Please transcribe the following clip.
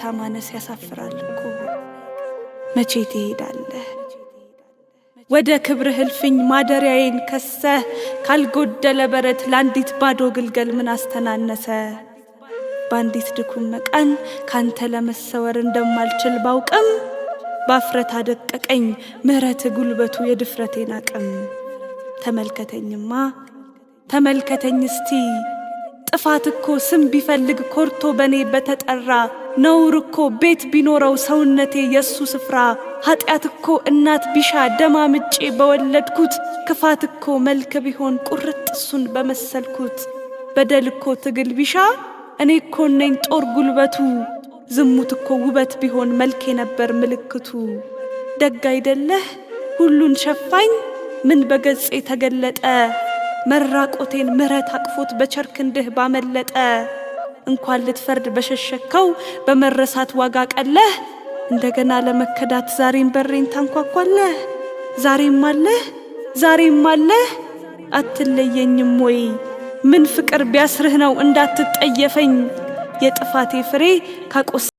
የይቅርታ ማነስ ያሳፍራል እኮ መቼ ትሄዳለህ ወደ ክብር ህልፍኝ ማደሪያዬን ከሰህ ካልጎደለ በረት ለአንዲት ባዶ ግልገል ምን አስተናነሰ በአንዲት ድኩም መቃን ካንተ ለመሰወር እንደማልችል ባውቅም ባፍረት አደቀቀኝ ምሕረት ጉልበቱ የድፍረቴን አቅም ተመልከተኝማ ተመልከተኝ እስቲ ጥፋት እኮ ስም ቢፈልግ ኮርቶ በእኔ በተጠራ ነውር እኮ ቤት ቢኖረው ሰውነቴ የእሱ ስፍራ ኃጢአት እኮ እናት ቢሻ ደማ ምጬ በወለድኩት ክፋት እኮ መልክ ቢሆን ቁርጥ እሱን በመሰልኩት በደል እኮ ትግል ቢሻ እኔ እኮ ነኝ ጦር ጉልበቱ ዝሙት እኮ ውበት ቢሆን መልክ የነበር ምልክቱ ደግ አይደለህ ሁሉን ሸፋኝ ምን በገጼ ተገለጠ መራቆቴን ምረት አቅፎት በቸር ክንድህ ባመለጠ እንኳን ልትፈርድ በሸሸከው በመረሳት ዋጋ ቀለህ እንደገና ለመከዳት ዛሬም በሬን ታንኳኳለህ። ዛሬም አለህ ዛሬም አለህ አትለየኝም ወይ? ምን ፍቅር ቢያስርህ ነው እንዳትጠየፈኝ የጥፋቴ ፍሬ ካቆሰ